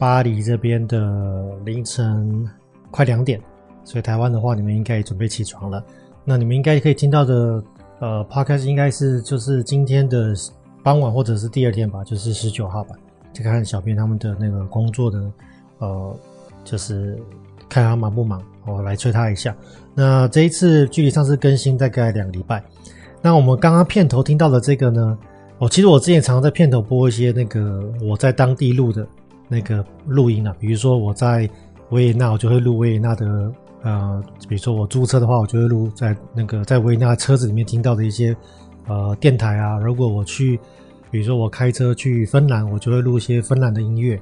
巴黎這邊的凌晨快兩點，所以台灣的話，你們應該也準備起床了。那你們應該可以聽到的，呃，Podcast 應該是就是今天的傍晚或者是第二天吧，就是十九號吧。就看小編他們的那個工作的，呃，就是看他忙不忙，我來催他一下。那這一次距離上次更新大概兩個禮拜。那我們剛剛片頭聽到的這個呢，哦，其實我之前常常在片頭播一些那個我在當地錄的。那個錄音啊，比如說我在維也納，我就會錄維也納的呃，比如說我租車的話，我就會錄在那個在維也納車子裡面聽到的一些呃電台啊。如果我去，比如說我開車去芬蘭，我就會錄一些芬蘭的音樂。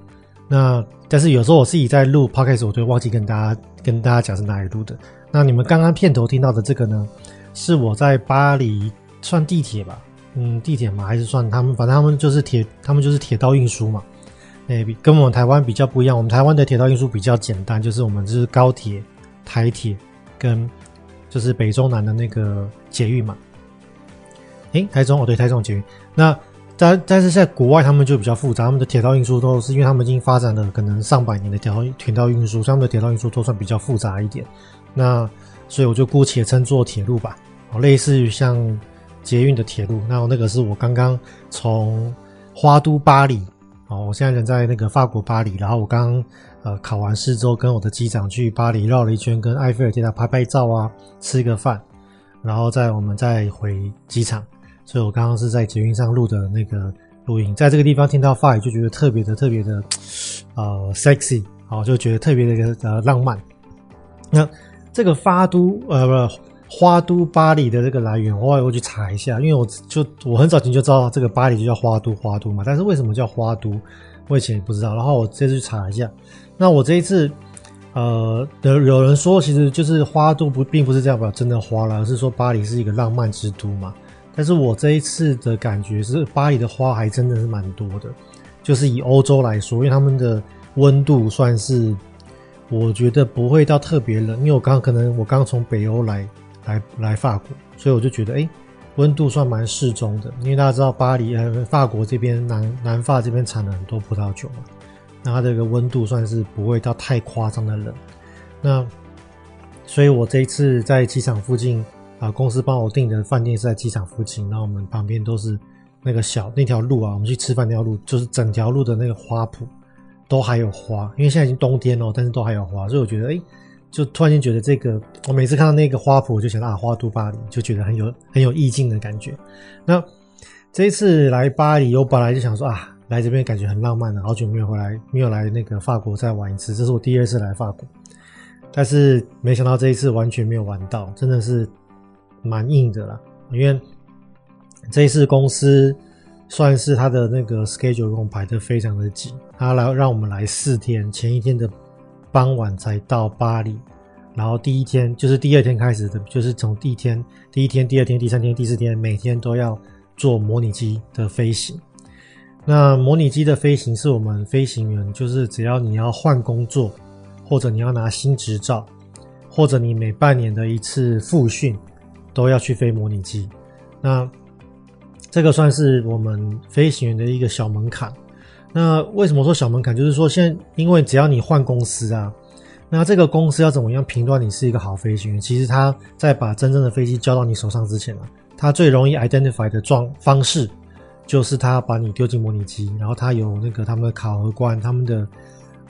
那但是有時候我自己在錄 Podcast，我就忘記跟大家跟大家講是哪裡錄的。那你們剛剛片頭聽到的這個呢，是我在巴黎算地鐵吧？嗯，地鐵嘛，還是算他們？反正他們就是鐵，他們就是鐵道運輸嘛。比、欸、跟我們台灣比較不一樣。我們台灣的鐵道運輸比較簡單，就是我們就是高鐵、台鐵跟就是北中南的那個捷運嘛。誒、欸，台中哦，對，台中捷運。那但但是在國外他們就比較複雜，他們的鐵道運輸都是因為他們已經發展了可能上百年的鐵道鐵道運輸，所以他們的鐵道運輸都算比較複雜一點。那所以我就姑且稱作鐵路吧，好，類似於像捷運的鐵路。那那個是我剛剛從花都巴黎。哦，我現在人在那個法國巴黎，然後我剛剛呃考完試之後，跟我的機長去巴黎繞了一圈，跟埃菲爾鐵塔拍拍照啊，吃個飯，然後再我們再回機場。所以我剛剛是在捷運上錄的那個錄音，在這個地方聽到法語就覺得特別的特別的呃 sexy，好、哦、就覺得特別的一個呃浪漫。那這個發都呃不是。花都巴黎的這個來源，我也會去查一下，因為我就我很早前就知道這個巴黎就叫花都花都嘛，但是為什麼叫花都，我以前也不知道。然後我這次去查一下，那我這一次，呃，有有人說其實就是花都不並不是代表真的花了，而是說巴黎是一個浪漫之都嘛。但是我這一次的感覺是巴黎的花還真的是蠻多的，就是以歐洲來說，因為他們的溫度算是我覺得不會到特別冷，因為我剛剛可能我剛從北歐來。來來法國，所以我就覺得，哎，溫度算蠻適中的，因為大家知道巴黎，呃，法國這邊南南法這邊產了很多葡萄酒嘛，啊，那它這個溫度算是不會到太誇張的冷。那，所以我這一次在機場附近啊，呃，公司幫我訂的飯店是在機場附近，那我們旁邊都是那個小那條路啊，我們去吃飯那條路，就是整條路的那個花圃都還有花，因為現在已經冬天了，但是都還有花，所以我覺得，哎。就突然間覺得這個，我每次看到那個花圃，我就想到啊，花都巴黎，就覺得很有很有意境的感覺。那這一次來巴黎，我本來就想說啊，來這邊感覺很浪漫的啊，好久沒有回來，沒有來那個法國再玩一次，這是我第二次來法國。但是沒想到這一次完全沒有玩到，真的是蠻硬的了。因為這一次公司算是他的那個 schedule，跟我排的非常的緊，他來讓我們來四天，前一天的。傍晚才到巴黎，然後第一天就是第二天開始的，就是從第一天、第一天、第二天、第三天、第四天，每天都要做模擬機的飛行。那模擬機的飛行是我們飛行員，就是只要你要換工作，或者你要拿新執照，或者你每半年的一次復訓，都要去飛模擬機。那這個算是我們飛行員的一個小門檻。那為什麼說小門檻？就是說，現在，因為只要你換公司啊，那這個公司要怎麼樣評斷你是一個好飛行員？其實他在把真正的飛機交到你手上之前啊，他最容易 identify 的狀方式就是他把你丟進模擬機，然後他有那個他們的考核官、他們的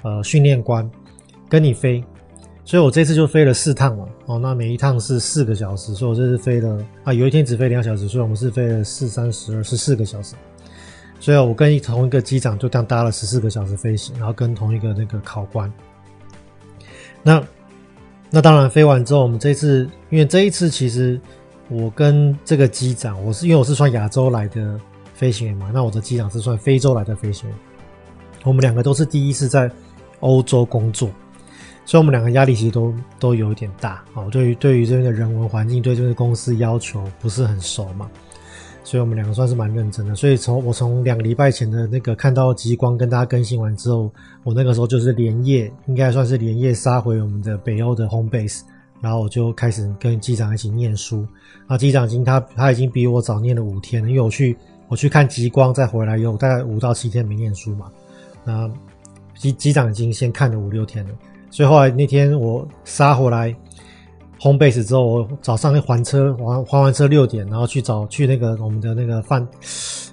呃訓練官跟你飛。所以我這次就飛了四趟了哦，那每一趟是四個小時，所以我這次飛了啊，有一天只飛兩小時，所以我們是飛了四、三、十二、十四個小時。所以我跟同一個機長就這樣搭了十四個小時飛行，然後跟同一個那個考官。那那當然飛完之後，我們這一次，因為這一次其實我跟這個機長，我是因為我是算亞洲來的飛行員嘛，那我的機長是算非洲來的飛行員。我們兩個都是第一次在歐洲工作，所以我們兩個壓力其實都都有一點大啊，哦。對於對於這邊的人文環境，對這邊的公司要求不是很熟嘛。所以我們兩個算是蠻認真的，所以從我從兩個禮拜前的那個看到極光跟大家更新完之後，我那個時候就是連夜，應該算是連夜殺回我們的北歐的 home base，然後我就開始跟機長一起念書。啊，機長已經他他已經比我早念了五天了，因為我去我去看極光再回來有大概五到七天沒念書嘛，那機機長已經先看了五六天了，所以後來那天我殺回來。home base 之後，我早上那還車還還完車六點，然後去找去那個我們的那個飯，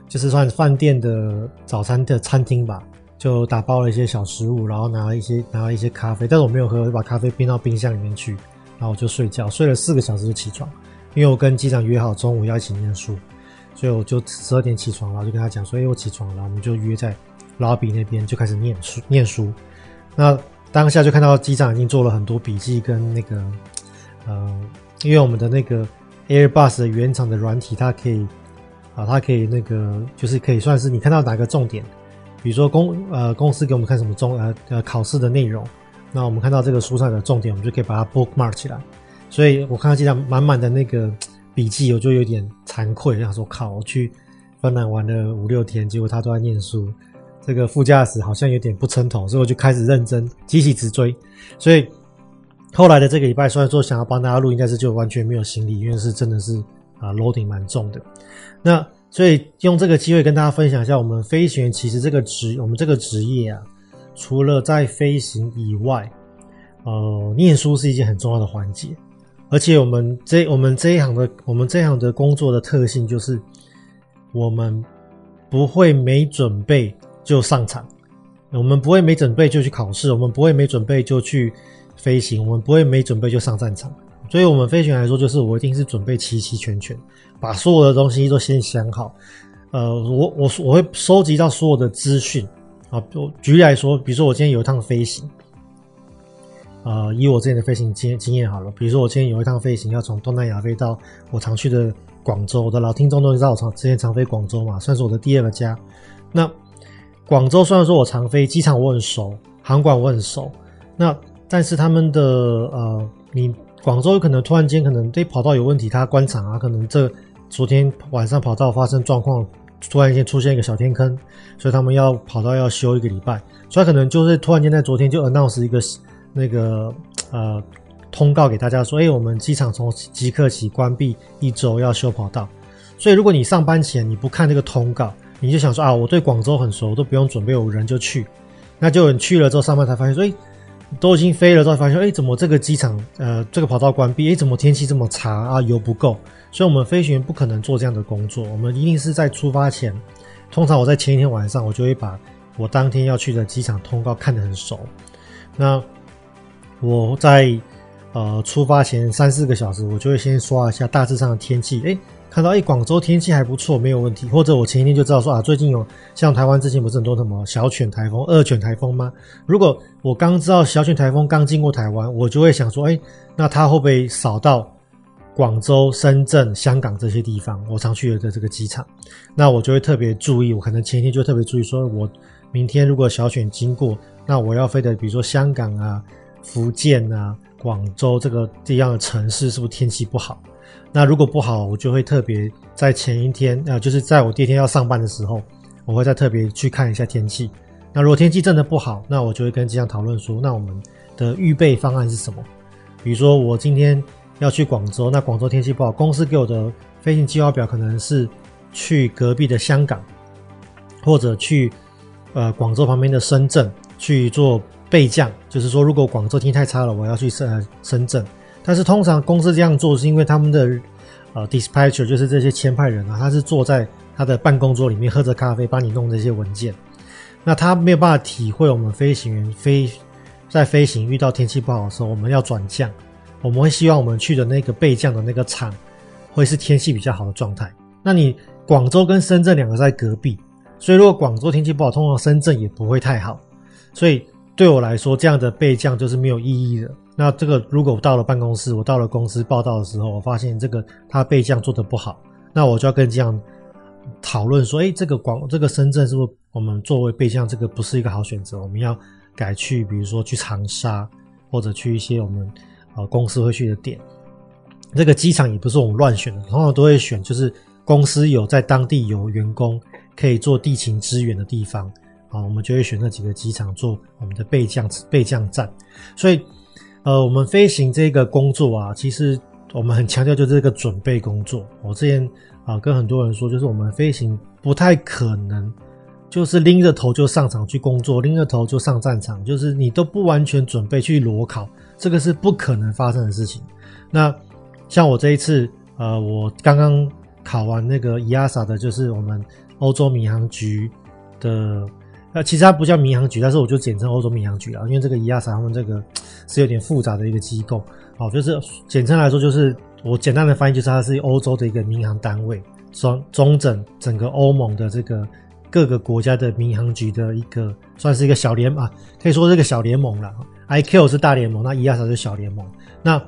就是算飯店的早餐的餐廳吧，就打包了一些小食物，然後拿一些拿一些咖啡，但是我沒有喝，我就把咖啡冰到冰箱裡面去，然後我就睡覺，睡了四個小時就起床，因為我跟機長約好中午要一起念書，所以我就十二點起床了，然後就跟他講所以我起床了，我們就約在 lobby 那邊就開始念書念書，那當下就看到機長已經做了很多筆記跟那個。呃，因為我們的那個 Airbus 的原廠的軟體，它可以，啊、呃，它可以那個，就是可以算是你看到哪個重點，比如說公呃公司給我們看什麼重呃呃考試的內容，那我們看到這個書上的重點，我們就可以把它 bookmark 起來。所以我看到現在滿滿的那個筆記，我就有點慚愧，然後說靠，我去芬蘭玩了五六天，結果他都在念書，這個副駕駛好像有點不稱頭，所以我就開始認真，急起直追，所以。後來的這個禮拜，雖然說想要幫大家錄，應該是就完全沒有行李，因為是真的是啊，呃、loading 蠻重的。那所以用這個機會跟大家分享一下，我們飛行員其實這個職，我們這個職業啊，除了在飛行以外，呃，念書是一件很重要的環節。而且我們這我們這一行的，我們這一行的工作的特性就是，我們不會沒準備就上場，我們不會沒準備就去考試，我們不會沒準備就去。飛行，我們不會沒準備就上戰場，所以，我們飛行來說，就是我一定是準備齊齊全全，把所有的東西都先想好。呃，我我我會收集到所有的資訊啊。我舉例來說，比如說我今天有一趟飛行，啊、呃，以我之前的飛行經經驗好了，比如說我今天有一趟飛行要從東南亞飛到我常去的廣州，我的老聽眾都知道，我常之前常飛廣州嘛，算是我的第二個家。那廣州雖然說我常飛，機場我很熟，航管我很熟，那。但是他們的呃，你廣州可能突然間可能對跑道有問題，他關場啊，可能這昨天晚上跑道發生狀況，突然間出現一個小天坑，所以他們要跑道要修一個禮拜，所以他可能就是突然間在昨天就 announce 一個那個呃通告給大家說，哎、欸，我們機場從即刻起關閉一周，要修跑道。所以如果你上班前你不看這個通告，你就想說啊，我對廣州很熟，都不用準備，有人就去，那就你去了之後上班才發現，說，以、欸。都已經飛了，之後發現哎，怎麼這個機場呃這個跑道關閉？哎，怎麼天氣這麼差啊？油不夠，所以我們飛行員不可能做這樣的工作。我們一定是在出發前，通常我在前一天晚上，我就會把我當天要去的機場通告看得很熟。那我在呃出發前三四個小時，我就會先刷一下大致上的天氣，哎。看到，誒，廣州天氣還不錯，沒有問題。或者我前一天就知道說啊，最近有，像台灣之前不是很多什麼小犬颱風、二犬颱風嗎？如果我剛知道小犬颱風剛經過台灣，我就會想說，哎，那它會不會掃到廣州、深圳、香港這些地方，我常去的這個機場，那我就會特別注意。我可能前一天就特別注意說，說我明天如果小犬經過，那我要飛的，比如說香港啊、福建啊、廣州這個這樣的城市，是不是天氣不好？那如果不好，我就會特別在前一天，呃，就是在我第一天要上班的時候，我會再特別去看一下天氣。那如果天氣真的不好，那我就會跟機長討論說，那我們的預備方案是什麼？比如說我今天要去廣州，那廣州天氣不好，公司給我的飛行計劃表可能是去隔壁的香港，或者去呃廣州旁邊的深圳去做備降。就是說，如果廣州天氣太差了，我要去深深圳。但是通常公司這樣做是因為他們的呃 dispatcher 就是這些簽派人啊，他是坐在他的辦公桌裡面喝着咖啡幫你弄這些文件。那他沒有辦法體會我們飛行員飛在飛行遇到天氣不好的時候，我們要轉降，我們會希望我們去的那個備降的那個場會是天氣比較好的狀態。那你廣州跟深圳兩個在隔壁，所以如果廣州天氣不好，通常深圳也不會太好。所以對我來說，這樣的備降就是沒有意義的。那這個如果我到了辦公室，我到了公司報到的時候，我發現這個他備降做得不好，那我就要跟這樣討論說，哎，這個廣這個深圳是不是我們作為備降這個不是一個好選擇？我們要改去，比如說去長沙或者去一些我們呃公司會去的點。這個機場也不是我們亂選的，通常都會選就是公司有在當地有員工可以做地勤支援的地方，啊，我們就會選那幾個機場做我們的備降備降站，所以。呃，我們飛行這個工作啊，其實我們很強調就是這個準備工作。我之前啊、呃、跟很多人說，就是我們飛行不太可能，就是拎着頭就上場去工作，拎着頭就上戰場，就是你都不完全準備去裸考，這個是不可能發生的事情。那像我這一次，呃，我剛剛考完那個 EASA 的，就是我們歐洲民航局的，呃，其實它不叫民航局，但是我就簡稱歐洲民航局啊，因為這個 EASA 他們這個。是有點複雜的一個機構，好，就是簡稱來說，就是我簡單的翻譯，就是它是歐洲的一個民航單位，中中整整個歐盟的這個各個國家的民航局的一個，算是一個小聯盟，啊，可以說這個小聯盟啦。IQ 是大聯盟，那 EASA 是小聯盟。那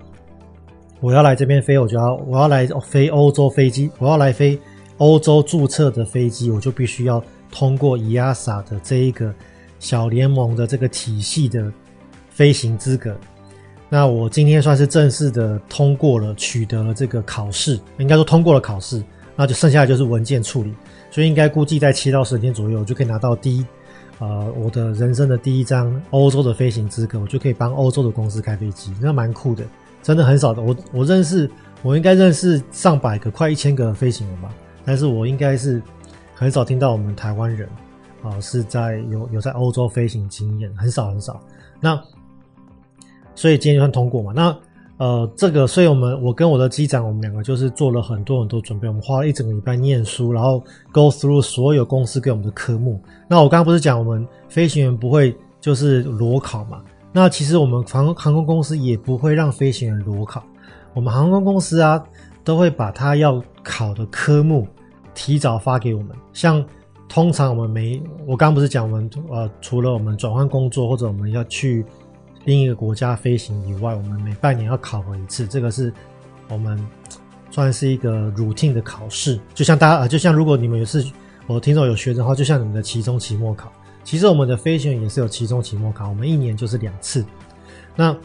我要來這邊飛，我就要我要來飛歐洲飛機，我要來飛歐洲註冊的飛機，我就必須要通過 EASA 的這一個小聯盟的這個體系的。飛行資格，那我今天算是正式的通過了，取得了這個考試，應該說通過了考試，那就剩下的就是文件處理，所以應該估計在七到十天左右，我就可以拿到第一，呃，我的人生的第一張歐洲的飛行資格，我就可以幫歐洲的公司開飛機，那蠻酷的，真的很少的。我我認識，我應該認識上百個，快一千個飛行員吧，但是我應該是很少聽到我們台灣人啊，呃，是在有有在歐洲飛行經驗，很少很少。那所以今天就算通過嘛。那呃，這個，所以我們我跟我的機長，我們兩個就是做了很多很多準備。我們花了一整個禮拜念書，然後 go through 所有公司給我們的科目。那我剛剛不是講我們飛行員不會就是裸考嘛？那其實我們航空航空公司也不會讓飛行員裸考。我們航空公司啊，都會把他要考的科目提早發給我們。像通常我們沒，我剛剛不是講我們呃，除了我們轉換工作或者我們要去。另一個國家飛行以外，我們每半年要考核一次，這個是我們算是一個 routine 的考試。就像大家，呃、就像如果你們也是，我、呃、聽說有學生的話，就像你們的期中、期末考，其實我們的飛行員也是有期中、期末考，我們一年就是兩次。那，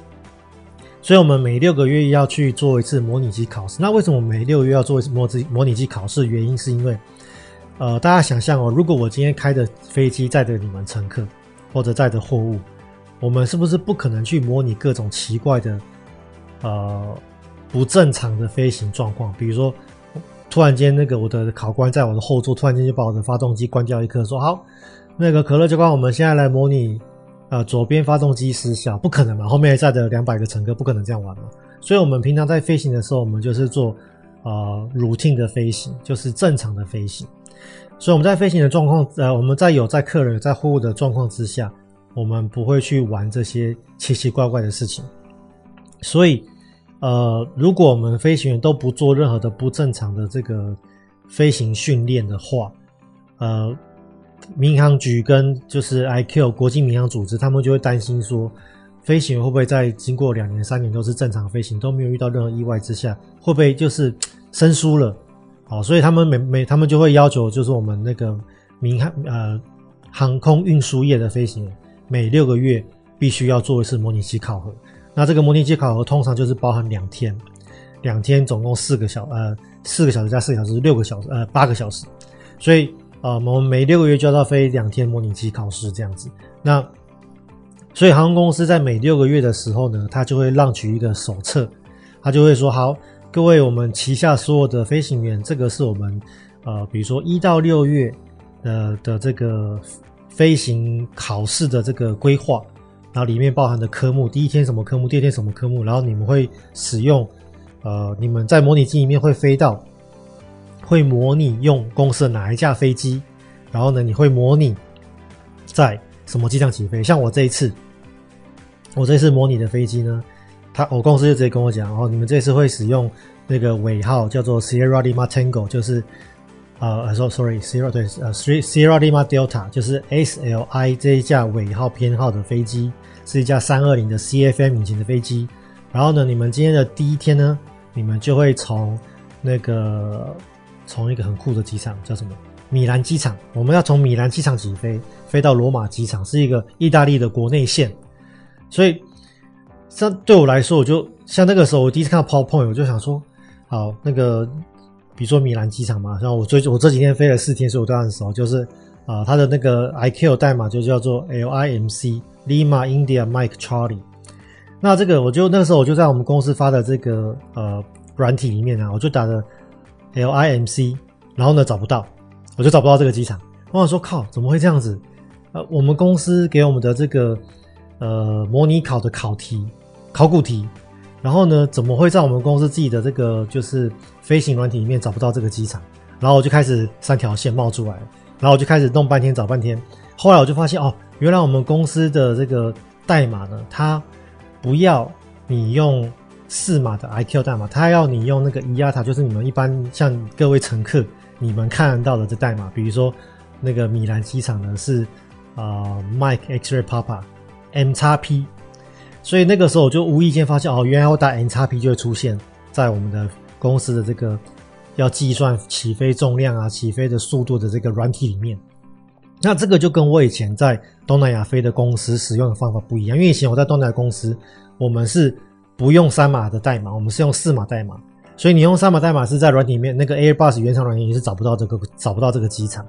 所以我們每六個月要去做一次模擬機考試。那為什麼每六月要做一次模擬模擬機考試？原因是因為，呃，大家想象哦，如果我今天開的飛機載着你們乘客或者載着貨物。我們是不是不可能去模擬各種奇怪的、呃、不正常的飛行狀況？比如說，突然間那個我的考官在我的後座，突然間就把我的發動機關掉一顆說，說好，那個可樂教官，我們現在來模擬，呃，左邊發動機失效，不可能嘛？後面還載着兩百個乘客，不可能這樣玩嘛？所以，我們平常在飛行的時候，我們就是做呃 routine 的飛行，就是正常的飛行。所以我們在飛行的狀況，呃，我們在有在客人、在貨物的狀況之下。我們不會去玩這些奇奇怪怪的事情，所以，呃，如果我們飛行員都不做任何的不正常的這個飛行訓練的話，呃，民航局跟就是 ICAO 國際民航組織，他們就會擔心說，飛行員會不會在經過兩年、三年都是正常飛行，都沒有遇到任何意外之下，會不會就是生疏了？好，所以他們每每他們就會要求，就是我們那個民航呃航空運輸業的飛行員。每六個月必須要做一次模擬機考核，那這個模擬機考核通常就是包含兩天，兩天總共四個小呃四個小時加四個小時六個小時呃八個小時，所以呃我們每六個月就要到飛兩天模擬機考試這樣子。那所以航空公司在每六個月的時候呢，他就會 launch 一個手冊，他就會說：好，各位我們旗下所有的飛行員，這個是我們呃比如說一到六月的的這個。飛行考試的這個規劃，然後裡面包含的科目，第一天什麼科目，第二天什麼科目，然後你們會使用，呃，你們在模擬機裡面會飛到，會模擬用公司的哪一架飛機，然後呢，你會模擬在什麼機場起飛。像我這一次，我這次模擬的飛機呢，他，我、哦、公司就直接跟我講，哦，你們這次會使用那個尾號叫做 Sierra Le Martango 就是。呃 sorry, Sierra 對，呃 Sierra Lima Delta 就是 S L I 這一架尾號編號的飛機，是一架三二零的 CFM 引擎的飛機。然後呢，你們今天的第一天呢，你們就會從那個從一個很酷的機場叫什麼米蘭機場，我們要從米蘭機場起飛，飛到羅馬機場，是一個意大利的國內線。所以，像對我來說，我就像那個時候我第一次看到 PowerPoint 我就想說，好，那個。比如說米蘭機場嘛，然後我最近我這幾天飛了四天，所以我都時候就是啊、呃，它的那個 i q 代碼就叫做 LIMC Lima India Mike Charlie。那這個我就那時候我就在我們公司發的這個呃軟體裡面啊，我就打的 LIMC，然後呢找不到，我就找不到這個機場。然後我講說靠，怎麼會這樣子？呃，我們公司給我們的這個呃模擬考的考題考古題，然後呢怎麼會在我們公司自己的這個就是？飛行軟體裡面找不到這個機場，然後我就開始三條線冒出來，然後我就開始弄半天找半天。後來我就發現哦，原來我們公司的這個代碼呢，它不要你用四碼的 I Q 代碼，它要你用那個伊亞塔，就是你們一般像各位乘客你們看到的這代碼，比如說那個米蘭機場呢是啊、呃、Mike X-ray Papa M 叉 P，所以那個時候我就無意間發現哦，原來我打 M 叉 P 就會出現在我們的。公司的這個要計算起飛重量啊、起飛的速度的這個軟體裡面，那這個就跟我以前在東南亞飛的公司使用的方法不一樣。因為以前我在東南亞公司，我們是不用三碼的代碼，我們是用四碼代碼。所以你用三碼代碼是在軟體裡面，那個 Airbus 原廠軟體也是找不到這個、找不到這個機場。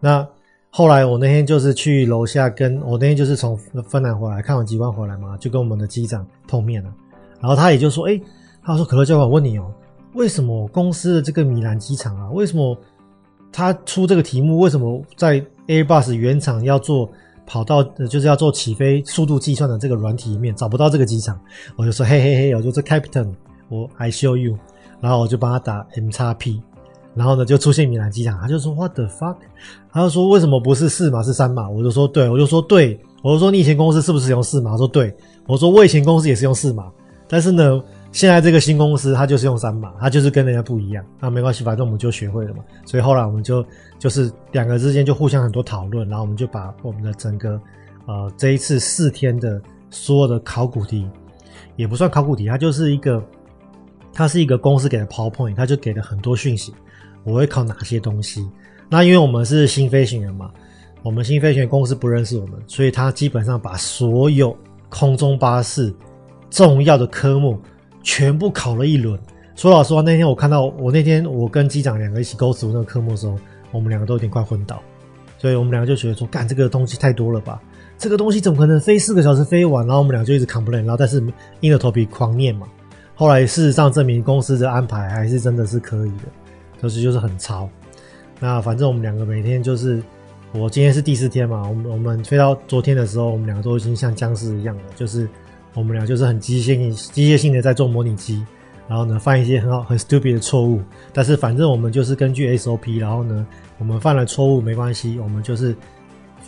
那後來我那天就是去樓下跟我那天就是從芬蘭回來，看完機關回來嘛，就跟我們的機長碰面了，然後他也就說：“哎、欸，他說可樂教官，我問你哦、喔。”為什麼公司的這個米蘭機場啊？為什麼他出這個題目？為什麼在 Airbus 原廠要做跑道，就是要做起飛速度計算的這個軟體裡面找不到這個機場？我就說嘿嘿嘿，我就說 Captain，我 I show you，然後我就幫他打 M 叉 P，然後呢就出現米蘭機場，他就說 What the fuck？他就說為什麼不是四碼是三碼？我就說對，我就說對，我就說你以前公司是不是用四碼？他說對，我說我以前公司也是用四碼，但是呢。現在這個新公司，它就是用三碼，它就是跟人家不一樣。那沒關係，反正我們就學會了嘛。所以後來我們就就是兩個之間就互相很多討論，然後我們就把我們的整個呃這一次四天的所有的考古題，也不算考古題，它就是一個它是一個公司給的 PowerPoint，它就給了很多訊息，我會考哪些東西？那因為我們是新飛行員嘛，我們新飛行員公司不認識我們，所以他基本上把所有空中巴士重要的科目。全部考了一輪。說老實話，那天我看到我那天我跟機長兩個一起 go through 那個科目的時候，我們兩個都有點快昏倒，所以我們兩個就覺得說，幹這個東西太多了吧？這個東西怎麼可能飛四個小時飛完？然後我們兩個就一直 complain，然後但是硬着頭皮狂念嘛。後來事實上證明公司的安排還是真的是可以的，但，就是就是很超。那反正我們兩個每天就是，我今天是第四天嘛，我們我們飛到昨天的時候，我們兩個都已經像僵屍一樣了，就是。我們倆就是很機械性、機械性的在做模擬機，然後呢，犯一些很好、很 stupid 的錯誤。但是反正我們就是根據 SOP，然後呢，我們犯了錯誤沒關係，我們就是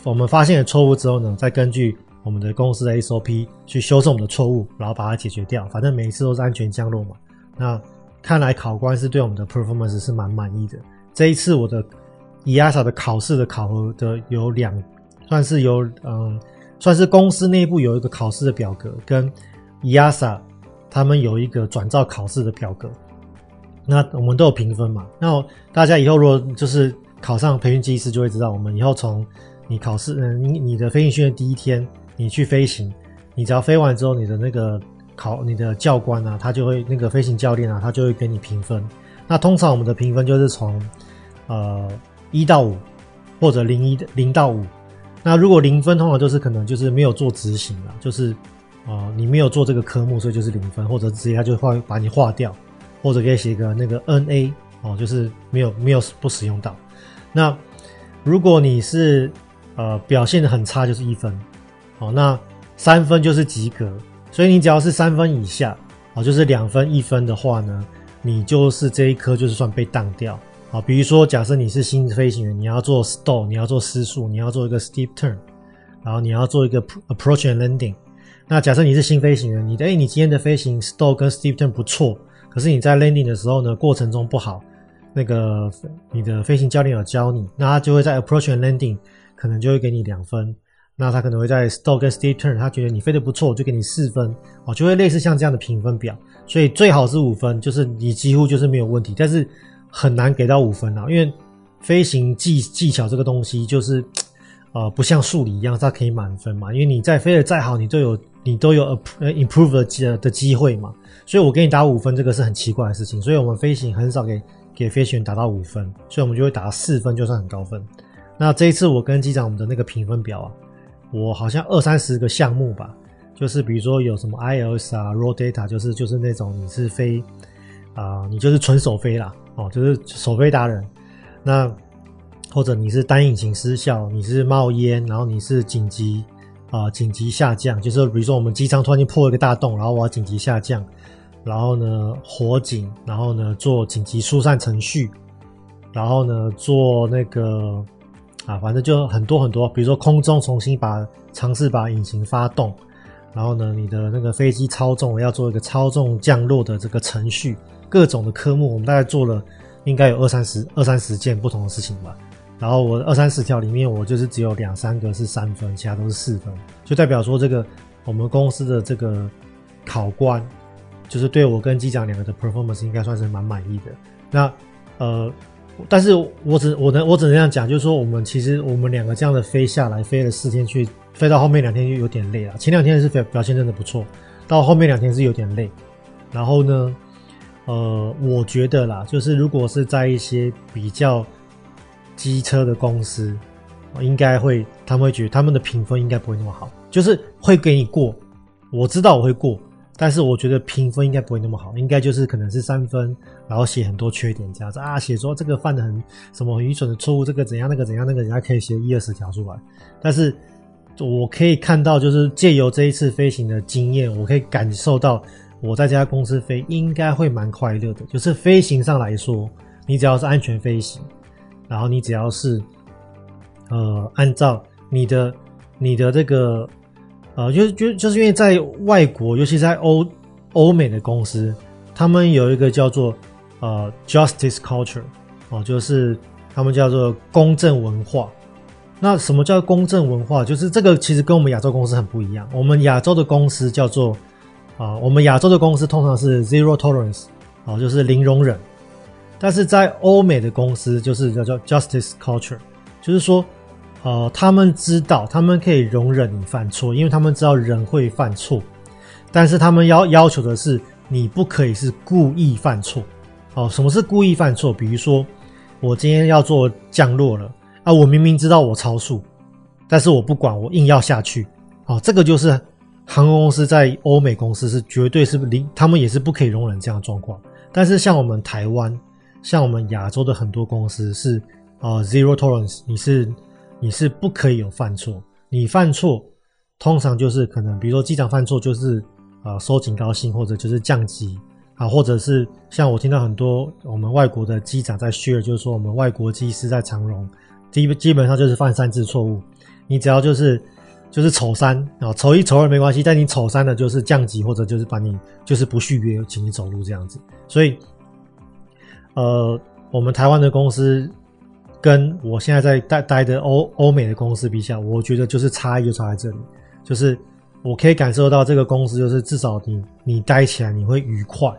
我們發現了錯誤之後呢，再根據我們的公司的 SOP 去修正我們的錯誤，然後把它解決掉。反正每一次都是安全降落嘛。那看來考官是對我們的 performance 是蠻滿意的。這一次我的 EASA 的考試的考核的有兩，算是有嗯。呃算是公司內部有一個考試的表格，跟 EASA 他們有一個轉照考試的表格。那我們都有評分嘛。那大家以後如果就是考上培訓機師，就會知道我們以後從你考試，嗯你，你的飛行訓練第一天，你去飛行，你只要飛完之後，你的那個考，你的教官啊，他就會那個飛行教練啊，他就會給你評分。那通常我們的評分就是從呃一到五，或者零一的零到五。那如果零分，通常就是可能就是沒有做執行了，就是啊、呃，你沒有做這個科目，所以就是零分，或者直接他就會把你劃掉，或者可以寫個那個 NA 哦、呃，就是沒有沒有不使用到。那如果你是呃表現的很差，就是一分，好、呃，那三分就是及格，所以你只要是三分以下啊、呃，就是兩分一分的話呢，你就是這一科就是算被當掉。啊，比如說，假設你是新飛行員，你要做 stall，你要做失速，你要做一個 steep turn，然後你要做一個 approach and landing。那假設你是新飛行員，你誒、欸，你今天的飛行 stall 跟 steep turn 不錯，可是你在 landing 的時候呢，過程中不好，那個你的飛行教練有教你，那他就會在 approach and landing 可能就會給你兩分，那他可能會在 stall 跟 steep turn，他覺得你飛得不錯，我就給你四分，哦，就會類似像這樣的評分表，所以最好是五分，就是你幾乎就是沒有問題，但是。很難給到五分啊，因為飛行技技巧這個東西就是，呃，不像數理一樣，它可以滿分嘛。因為你再飛得再好你，你都有你都有呃 improve 的機的機會嘛。所以我給你打五分，這個是很奇怪的事情。所以，我們飛行很少給給飛行員打到五分，所以我們就會打四分，就算很高分。那這一次我跟機長我們的那個評分表啊，我好像二三十個項目吧，就是比如說有什麼 ILS 啊，Raw Data，就是就是那種你是飛啊、呃，你就是純手飛啦。哦，就是守備達人，那或者你是單引擎失效，你是冒煙，然後你是緊急啊緊急下降，就是比如說我們機艙突然間破了一個大洞，然後我要緊急下降，然後呢火警，然後呢做緊急疏散程序，然後呢做那個啊，反正就很多很多，比如說空中重新把嘗試把引擎發動，然後呢你的那個飛機操縱要做一個操縱降落的這個程序。各種的科目，我們大概做了應該有二三十、二三十件不同的事情吧。然後我的二三十條裡面，我就是只有兩三個是三分，其他都是四分，就代表說這個我們公司的這個考官就是對我跟機長兩個的 performance 應該算是蠻滿意的。那呃，但是我只我能我只能這樣講，就是說我們其實我們兩個這樣的飛下來，飛了四天去，飛到後面兩天就有點累了。前兩天是表現真的不錯，到後面兩天是有點累。然後呢？呃，我覺得啦，就是如果是在一些比較機車的公司，應該會，他們會覺得他們的評分應該不會那麼好，就是會給你過。我知道我會過，但是我覺得評分應該不會那麼好，應該就是可能是三分，然後寫很多缺點，這樣子啊，寫說這個犯的很什麼很愚蠢的錯誤，這個怎樣，那個怎樣，那個人家可以寫一二十條出來。但是我可以看到，就是借由這一次飛行的經驗，我可以感受到。我在這家公司飛應該會蠻快樂的，就是飛行上來說，你只要是安全飛行，然後你只要是，呃，按照你的，你的這個，呃，就是就就是因為在外國，尤其在歐歐美的公司，他們有一個叫做呃 justice culture 哦，呃，就是他們叫做公正文化。那什麼叫公正文化？就是這個其實跟我們亞洲公司很不一樣，我們亞洲的公司叫做。啊，我們亞洲的公司通常是 zero tolerance，啊，就是零容忍。但是在歐美的公司就是叫做 justice culture，就是說，呃、啊，他們知道他們可以容忍你犯錯，因為他們知道人會犯錯。但是他們要要求的是你不可以是故意犯錯，哦、啊，什麼是故意犯錯？比如說我今天要做降落了啊，我明明知道我超速，但是我不管，我硬要下去，哦、啊，這個就是。航空公司在歐美公司是絕對是零，他們也是不可以容忍這樣的狀況。但是像我們台灣，像我們亞洲的很多公司是，呃，zero tolerance，你是你是不可以有犯錯。你犯錯，通常就是可能，比如說機長犯錯就是呃收警告信或者就是降級啊，或者是像我聽到很多我們外國的機長在 share，就是說我們外國機師在長榮基基本上就是犯三次錯誤，你只要就是。就是醜三啊，醜一醜二沒關係，但你醜三的，就是降級或者就是把你就是不續約，請你走路這樣子。所以，呃，我們台灣的公司跟我現在在待待的歐歐美的公司比較，我覺得就是差異就差在這裡，就是我可以感受到這個公司就是至少你你待起來你會愉快，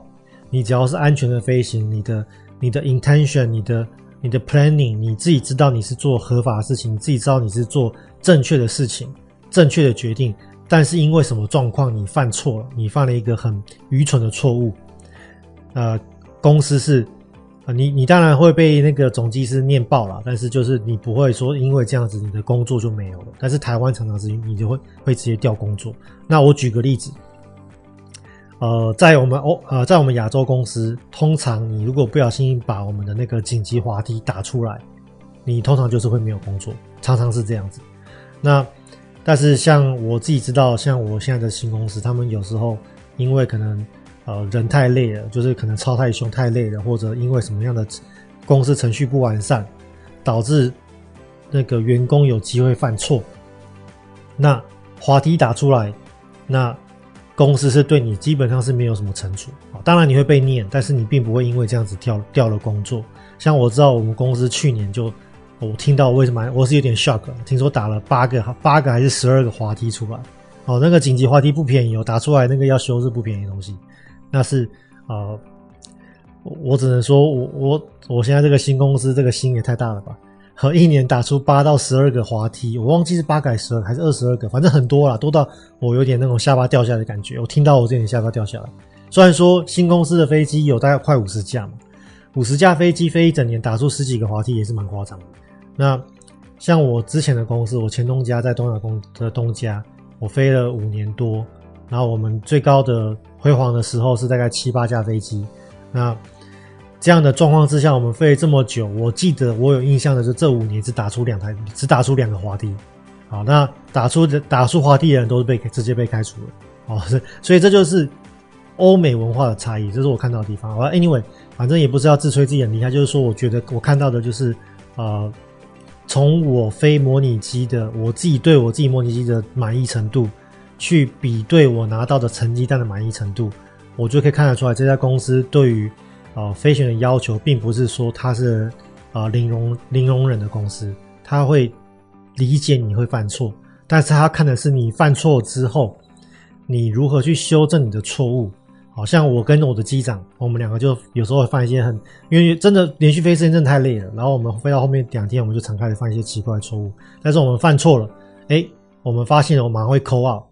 你只要是安全的飛行，你的你的 intention，你的你的 planning，你自己知道你是做合法的事情，你自己知道你是做正確的事情。正確的決定，但是因為什麼狀況你犯錯了？你犯了一個很愚蠢的錯誤。呃，公司是，呃，你你當然會被那個總機師念爆了，但是就是你不會說因為這樣子你的工作就沒有了。但是台灣常常是，你就會會直接調工作。那我舉個例子，呃，在我們歐呃，在我們亞洲公司，通常你如果不小心把我們的那個緊急滑梯打出來，你通常就是會沒有工作，常常是這樣子。那但是像我自己知道，像我現在的新公司，他們有時候因為可能呃人太累了，就是可能操太凶太累了，或者因為什麼樣的公司程序不完善，導致那個員工有機會犯錯，那滑梯打出來，那公司是對你基本上是沒有什麼懲處啊，當然你會被念，但是你並不會因為這樣子掉掉了工作。像我知道我們公司去年就。哦、我聽到為什麼我是有點 shock，聽說打了八個、八個還是十二個滑梯出來。哦，那個緊急滑梯不便宜哦，打出來那個要修是不便宜的東西。那是啊、呃，我只能說我，我我我現在這個新公司這個心也太大了吧？和、哦、一年打出八到十二個滑梯，我忘記是八改十二還是二十二個，反正很多啦，多到我、哦、有點那種下巴掉下來的感覺。我聽到我這點下巴掉下來。雖然說新公司的飛機有大概快五十架嘛，五十架飛機飛一整年打出十幾個滑梯也是蠻誇張的。那像我之前的公司，我前東家在東亞公的東家，我飛了五年多，然後我們最高的輝煌的時候是大概七八架飛機。那這樣的狀況之下，我們飛了這麼久，我記得我有印象的，是這五年只打出兩台，只打出兩個滑梯。好，那打出的打出滑梯的人都是被直接被開除了。哦，所以這就是歐美文化的差異，這是我看到的地方。我 anyway，反正也不是要自吹自擂，底下就是說，我覺得我看到的就是呃。從我飛模擬機的，我自己對我自己模擬機的滿意程度，去比對我拿到的成績單的滿意程度，我就可以看得出來這家公司對於啊飛行的要求，並不是說他是啊、呃、零容零容忍的公司，他會理解你會犯錯，但是他看的是你犯錯之後，你如何去修正你的錯誤。好像我跟我的機長，我們兩個就有時候會犯一些很，因為真的連續飛時間真的太累了。然後我們飛到後面兩天，我們就常開始犯一些奇怪的錯誤。但是我們犯錯了，哎，我們發現了，我馬上會 call out，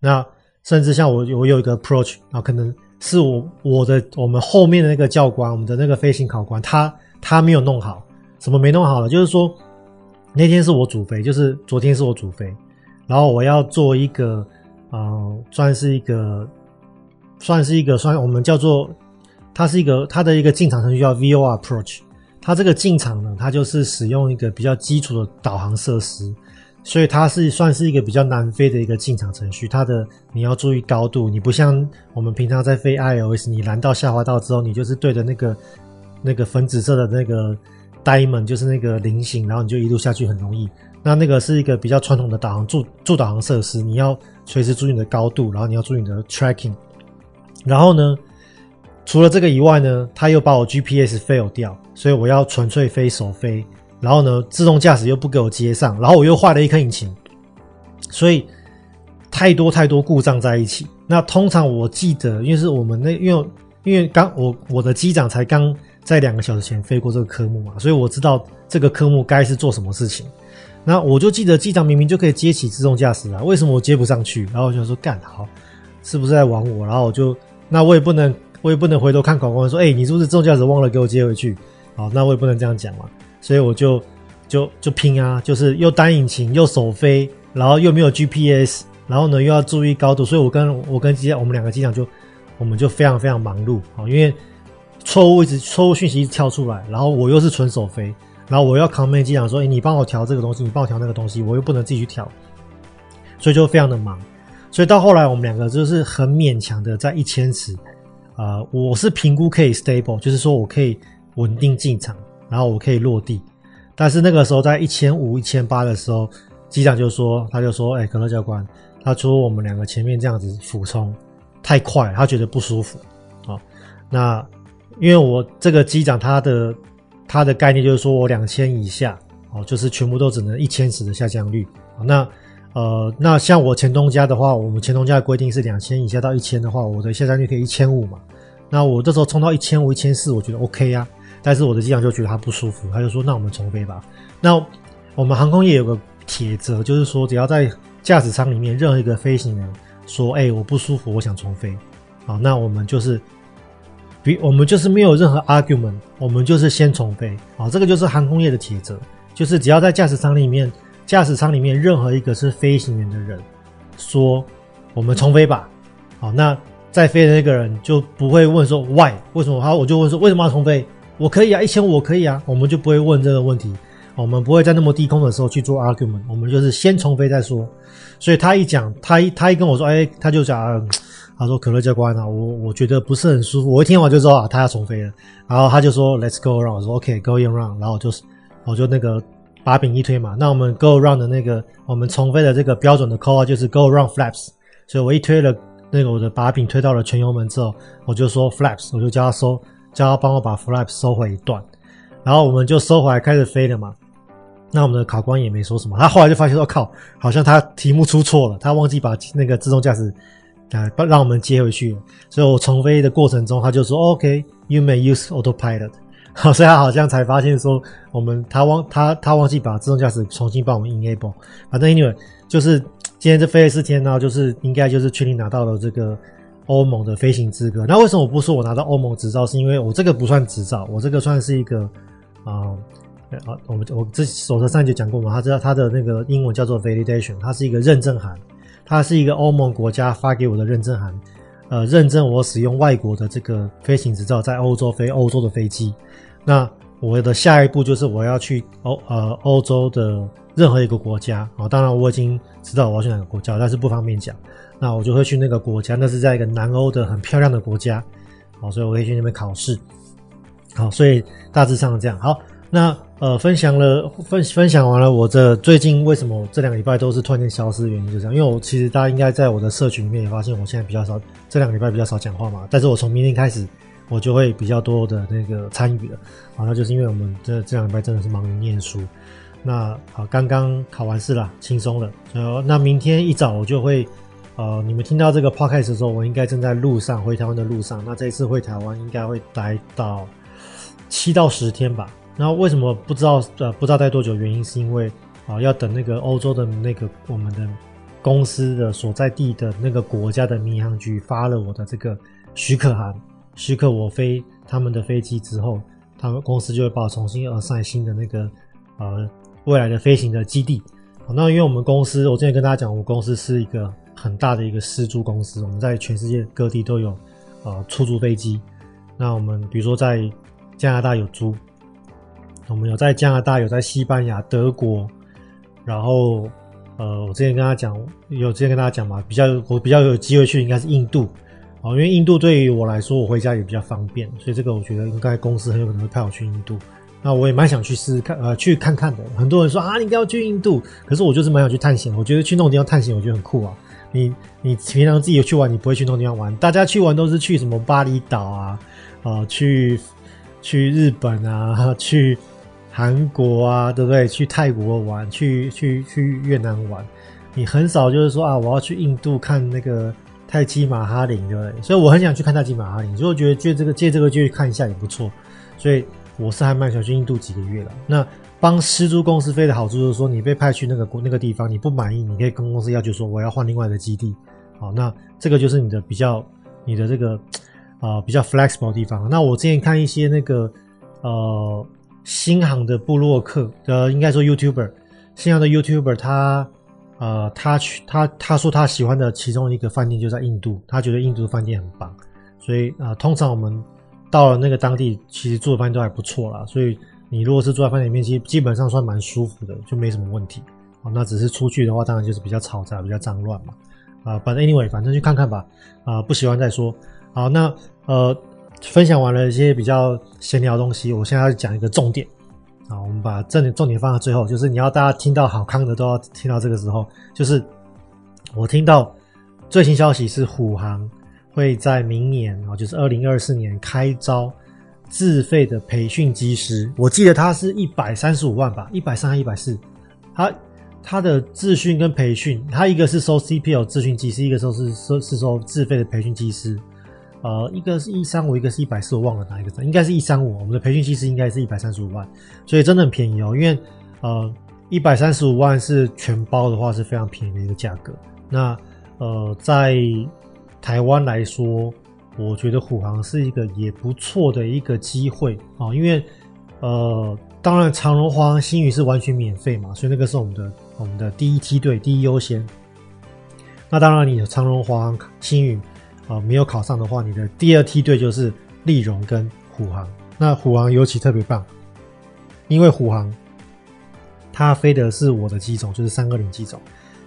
那甚至像我，我有一個 approach，啊，可能是我我的我們後面的那個教官，我們的那個飛行考官，他他沒有弄好，什麼沒弄好了？就是說那天是我主飛，就是昨天是我主飛，然後我要做一個，呃，算是一個。算是一個算我們叫做，它是一個它的一個進場程序叫 VOR approach。它這個進場呢，它就是使用一個比較基礎的導航設施，所以它是算是一個比較難飛的一個進場程序。它的你要注意高度，你不像我們平常在飛 ILS，你攔到下滑道之後，你就是對着那個那個粉紫色的那個 Diamond 就是那個菱形，然後你就一路下去很容易。那那個是一個比較傳統的導航助助導航設施，你要隨時注意你的高度，然後你要注意你的 tracking。然後呢，除了這個以外呢，他又把我 GPS fail 掉，所以我要純粹飛手飛。然後呢，自動駕駛又不給我接上，然後我又壞了一顆引擎，所以太多太多故障在一起。那通常我記得，因為是我們那，因為因為剛我我的機長才剛在兩個小時前飛過這個科目嘛，所以我知道這個科目該是做什麼事情。那我就記得，機長明明就可以接起自動駕駛啊，為什麼我接不上去？然後我就說幹好是不是在玩我？然後我就。那我也不能，我也不能回頭看考官說，哎、欸，你是不是自動駕駛忘了給我接回去？啊，那我也不能這樣講嘛。所以我就，就就拼啊，就是又單引擎又手飛，然後又沒有 GPS，然後呢又要注意高度，所以我跟我跟機長，我們兩個機長就，我們就非常非常忙碌啊，因為錯誤一直錯誤訊息一直跳出來，然後我又是純手飛，然後我要 comment 機長說，哎、欸，你幫我調這個東西，你幫我調那個東西，我又不能自己去調，所以就非常的忙。所以到後來，我們兩個就是很勉強的在一千尺，呃，我是評估可以 stable，就是說我可以穩定進場，然後我可以落地。但是那個時候在一千五、一千八的時候，機長就說，他就說，哎、欸，可樂教官，他說我們兩個前面這樣子俯衝太快了，他覺得不舒服啊、哦。那因為我這個機長他的他的概念就是說我兩千以下哦，就是全部都只能一千尺的下降率。哦、那呃，那像我前東家的話，我們前東家的規定是兩千以下到一千的話，我的下降率可以一千五嘛？那我這時候衝到一千五、一千四，我覺得 OK 啊。但是我的機長就覺得他不舒服，他就說：“那我們重飛吧。”那我們航空業有個鐵則，就是說只要在駕駛艙裡面，任何一個飛行員說：“哎，我不舒服，我想重飛。啊”好，那我們就是比我們就是沒有任何 argument，我們就是先重飛。好、啊，這個就是航空業的鐵則，就是只要在駕駛艙裡面。駕駛艙裡面任何一個是飛行員的人說：“我們重飛吧。”好，那在飛的那個人就不會問說 “Why？為什麼？”然後我就問說：“為什麼要重飛？我可以啊，一千我可以啊。”我們就不會問這個問題，我們不會在那麼低空的時候去做 argument，我們就是先重飛再說。所以他一講，他一他一跟我說：“哎、欸，他就講、嗯，他說，可樂教官啊，我我覺得不是很舒服。”我一聽完就知道啊，他要重飛了。然後他就說：“Let's go around。”我說：“OK，go、OK, around。”然後我就是，我就那個。把柄一推嘛，那我們 go around 的那個，我們重飛的這個標準的 call 就是 go around flaps，所以我一推了那個我的把柄，推到了全油門之後，我就說 flaps，我就叫他收，叫他幫我把 flaps 收回一段，然後我們就收回來開始飛了嘛。那我們的考官也沒說什麼，他後來就發現說靠，好像他題目出錯了，他忘記把那個自動駕駛呃讓我們接回去了。所以我重飛的過程中，他就說 OK，you may use autopilot。好、哦，所以他好像才發現說，我們他忘他他忘記把自動駕駛重新幫我們 enable。反正因為就是今天這飛了四天、啊，呢，就是應該就是確定拿到了這個歐盟的飛行資格。那為什麼我不說我拿到歐盟執照？是因為我這個不算執照，我這個算是一個啊啊、呃呃，我們我這手冊上就講過嘛，他知道他的那個英文叫做 validation，它是一個認證函，它是一個歐盟國家發給我的認證函。呃，認證我使用外國的這個飛行執照，在歐洲飛歐洲的飛機。那我的下一步就是我要去歐呃歐洲的任何一個國家。好，當然我已經知道我要去哪個國家，但是不方便講。那我就會去那個國家，那是在一個南歐的很漂亮的國家。好，所以我可以去那邊考試。好，所以大致上這樣。好，那呃分享了分分享完了，我的最近為什麼這兩個禮拜都是突然間消失的原因就這樣，因為我其實大家應該在我的社群裡面也發現，我現在比較少，這兩個禮拜比較少講話嘛，但是我從明天開始，我就會比較多的那個參與了。啊，那就是因為我們這這兩個禮拜真的是忙於念書。那啊，剛剛考完試啦，輕鬆了。然後那明天一早我就會，呃，你們聽到這個 podcast 的時候，我應該正在路上回台灣的路上。那這一次回台灣應該會待到七到十天吧？那為什麼不知道？呃，不知道待多久？原因是因為啊、呃，要等那個歐洲的那個我們的。公司的所在地的那個國家的民航局發了我的這個許可函，許可我飛他們的飛機之後，他們公司就會把我重新呃，上新的那個呃，未來的飛行的基地。那因為我們公司，我之前跟大家講，我們公司是一個很大的一個濕租公司，我們在全世界各地都有呃，出租飛機。那我們比如說在加拿大有租，我們有在加拿大有在西班牙、德國，然後。呃，我之前跟他講，有之前跟大家講嘛，比較我比較有機會去應該是印度，哦、呃，因為印度對於我來說，我回家也比較方便，所以這個我覺得應該公司很有可能會派我去印度。那我也蠻想去試試看，呃，去看看的。很多人說啊，你應該要去印度，可是我就是蠻想去探險。我覺得去那種地方探險，我覺得很酷啊。你你平常自己有去玩，你不會去那種地方玩。大家去玩都是去什麼巴厘島啊，啊、呃，去去日本啊，去。韓國啊，對不對？去泰國玩，去去去越南玩，你很少就是說啊，我要去印度看那個泰姬瑪哈陵，對不對？所以我很想去看泰姬瑪哈陵，所以我覺得借這個借這個去看一下也不錯，所以我是還蠻想去印度幾個月的。那幫濕租公司飛的好處就是說，你被派去那個那個地方，你不滿意，你可以跟公司要求說我要換另外的基地。好，那這個就是你的比較你的這個啊、呃、比較 flexible 的地方。那我之前看一些那個呃。新航的部落客，呃，應該說 YouTuber，新航的 YouTuber，他，呃，他去，他他說他喜歡的其中一個飯店就在印度，他覺得印度的飯店很棒，所以啊、呃，通常我們到了那個當地，其實住的飯店都還不錯啦。所以你如果是住在飯店裡面，基本上算蠻舒服的，就沒什麼問題。哦、那只是出去的話，當然就是比較嘈雜，比較髒亂嘛。啊、呃，反正 Anyway，反正去看看吧。啊、呃，不喜歡再說。好，那呃。分享完了一些比較閒聊的東西，我現在要講一個重點啊，我們把重點重點放到最後，就是你要大家聽到好康的都要聽到這個時候，就是我聽到最新消息是虎航會在明年啊，就是二零二四年開招自費的培訓機師，我記得他是一百三十五萬吧，一百三還一百四，他他的自訓跟培訓，他一個是收 CPL 自訓機師，一個收是收是收自費的培訓機師。呃，一個是一三五，一個是一百四，我忘了哪一個了，應該是一三五。我們的培訓其實應該是一百三十五萬，所以真的很便宜哦。因為呃，一百三十五萬是全包的話是非常便宜的一個價格。那呃，在台灣來說，我覺得虎航是一個也不錯的一個機會啊、呃。因為呃，當然長榮、華航、星宇是完全免費嘛，所以那個是我們的我們的第一梯隊、第一優先。那當然你的長榮、華航、星宇。啊，沒有考上的話，你的第二梯隊就是立榮跟虎航。那虎航尤其特別棒，因為虎航它飛的是我的機種，就是三二零機種。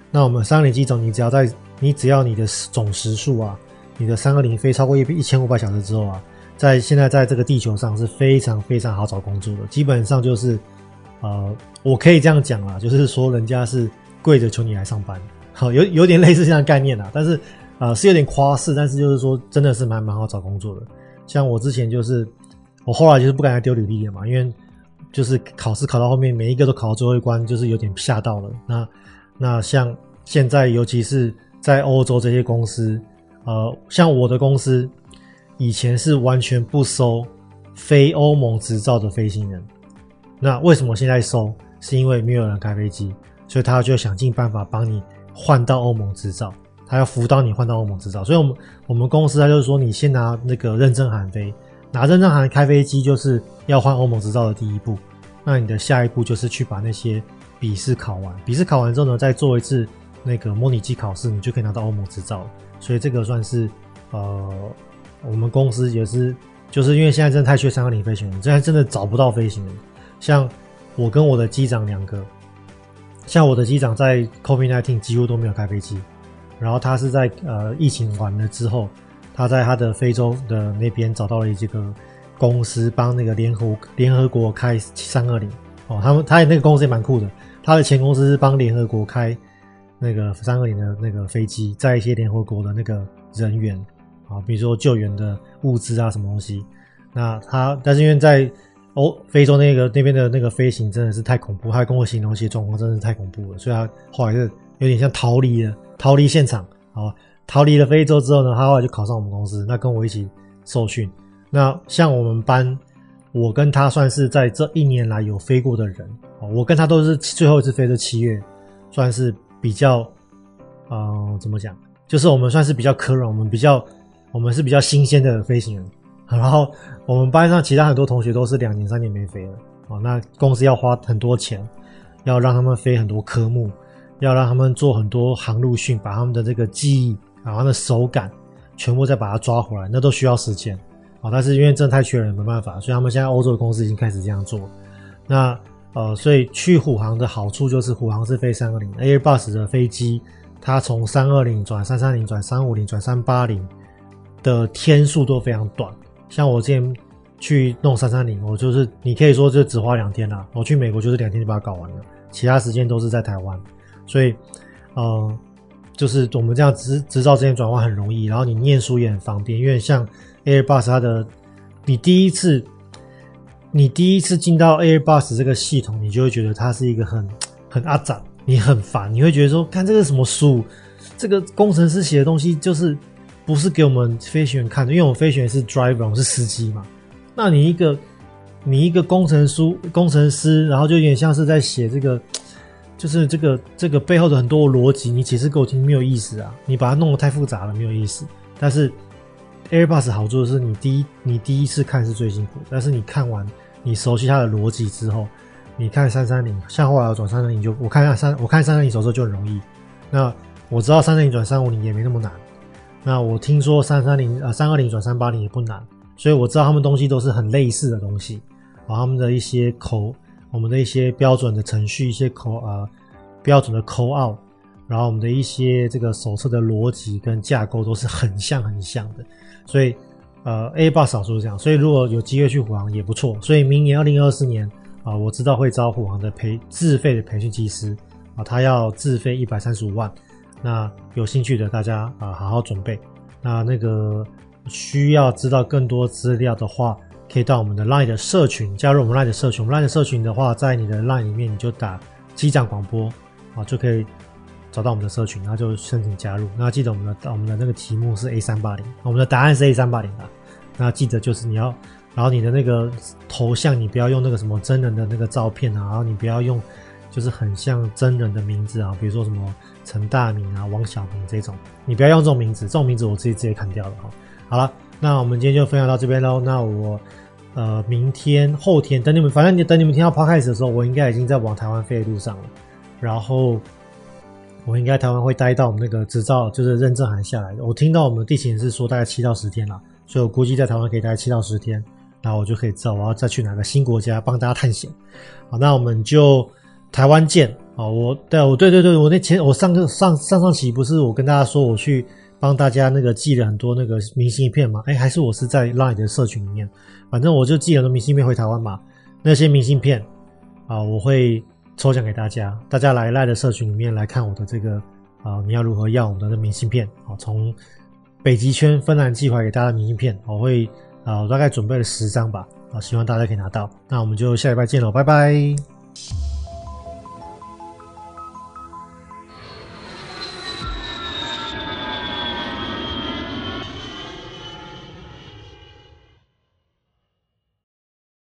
那我們三二零機種，你只要在你只要你的總時數啊，你的三二零飛超過一一千五百小時之後啊，在現在在這個地球上是非常非常好找工作的。基本上就是，呃，我可以這樣講啊，就是說人家是跪着求你來上班，好，有有點類似這樣概念啊，但是。啊、呃，是有點誇飾，但是就是說，真的是蠻蠻好找工作的。像我之前就是，我後來就是不敢再丟履歷了嘛，因為就是考試考到後面，每一個都考到最後一關，就是有點嚇到了。那那像現在，尤其是在歐洲這些公司，呃，像我的公司以前是完全不收非歐盟執照的飛行員。那為什麼現在收？是因為沒有人開飛機，所以他就想盡辦法幫你換到歐盟執照。還要輔導你換到歐盟執照，所以我們我們公司他就是說，你先拿那個認證函飛，拿認證函開飛機，就是要換歐盟執照的第一步。那你的下一步就是去把那些筆試考完，筆試考完之後呢，再做一次那個模擬機考試，你就可以拿到歐盟執照。所以這個算是呃，我們公司也是，就是因為現在真的太缺320飛行員，現在真的找不到飛行員。像我跟我的機長兩個，像我的機長在 COVID-19 幾乎都沒有開飛機。然後他是在呃疫情完了之後，他在他的非洲的那邊找到了一個公司，幫那個聯合聯合國開三二零哦，他們他的那個公司也蠻酷的。他的前公司是幫聯合國開那個三二零的那個飛機，載一些聯合國的那個人員啊、哦，比如說救援的物資啊什麼東西。那他但是因為在哦非洲那個那邊的那個飛行真的是太恐怖，他跟我形容一些狀況真的是太恐怖了，所以他後來就有點像逃離了。逃離現場，啊，逃離了非洲之,之後呢，他後來就考上我們公司，那跟我一起受訓。那像我們班，我跟他算是在這一年來有飛過的人，我跟他都是最後一次飛的七月，算是比較，嗯、呃，怎麼講？就是我們算是比較 current，我們比較，我們是比較新鮮的飛行員。然後我們班上其他很多同學都是兩年、三年沒飛了，啊，那公司要花很多錢，要讓他們飛很多科目。要讓他們做很多航路訓，把他們的這個記憶，把他們的手感，全部再把它抓回來，那都需要時間啊。但是因為真的太缺人，沒辦法，所以他們現在歐洲的公司已經開始這樣做了。那呃，所以去虎航的好處就是虎航是飛三二零，Airbus 的飛機，它從三二零轉三三零轉三五零轉三八零的天數都非常短。像我之前去弄三三零，我就是你可以說就只花兩天啦、啊，我去美國就是兩天就把它搞完了，其他時間都是在台灣。所以，呃，就是我們這樣執執照之間轉換很容易，然後你念書也很方便。因為像 Airbus 它的，你第一次，你第一次進到 Airbus 這個系統，你就會覺得它是一個很很阿雜，你很煩，你會覺得說，看這個什麼書，這個工程師寫的東西就是不是給我們飛行員看的，因為我們飛行員是 driver，是司機嘛。那你一個你一個工程書工程師，然後就有點像是在寫這個。就是這個這個背後的很多邏輯，你解釋給我聽沒有意思啊！你把它弄得太複雜了，沒有意思。但是 Airbus 好做的是，你第一你第一次看是最辛苦，但是你看完，你熟悉它的邏輯之後，你看三三零向後來轉三三零就我看下三我看三三零手冊就很容易。那我知道三三零轉三五零也沒那麼難。那我聽說三三零呃三二零轉三八零也不難，所以我知道他們東西都是很類似的東西，把他們的一些口。我們的一些標準的程序，一些 call，啊，標準的 call out，然後我們的一些這個手冊的邏輯跟架構都是很像很像的，所以呃，A bus 少數這樣，所以如果有機會去虎航也不錯。所以明年二零二四年啊、呃，我知道會招虎航的培自費的培訓機師啊、呃，他要自費一百三十五萬，那有興趣的大家啊、呃，好好準備。那那個需要知道更多資料的話，可以到我們的 LINE 的社群加入我們 LINE 的社群，我們 LINE 的社群的話，在你的 LINE 裡面你就打機長廣播啊，就可以找到我們的社群，然後就申請加入。那記得我們的我們的那個題目是 A 三八零，我們的答案是 A 三八零吧？那記得就是你要，然後你的那個頭像你不要用那個什麼真人的那個照片啊，然後你不要用就是很像真人的名字啊，比如說什麼陳大明啊、王小明這種，你不要用這種名字，這種名字我自己直接砍掉了哈、啊。好了，那我們今天就分享到這邊嘍，那我。呃，明天、後天等你們，反正你等你們聽到 podcast 的時候，我應該已經在往台灣飛的路上了。然後我應該台灣會待到我們那個執照，就是認證函下來的。我聽到我們的地勤是說大概七到十天了，所以我估計在台灣可以待七到十天，然後我就可以知道我要再去哪個新國家幫大家探險。好，那我們就台灣見。好，我對，我對對對，我那前我上個上，上上上期不是我跟大家說我去幫大家那個寄了很多那個明信片嗎？哎，還是我是在 Line 的社群裡面。反正我就寄很多明信片回台灣嘛，那些明信片啊、呃，我會抽獎給大家，大家來賴的社群裡面來看我的這個啊、呃，你要如何要我們的那明信片啊？從、呃、北極圈芬蘭寄回來給大家的明信片，呃、我會啊、呃，我大概準備了十張吧啊、呃，希望大家可以拿到。那我們就下禮拜見了，拜拜。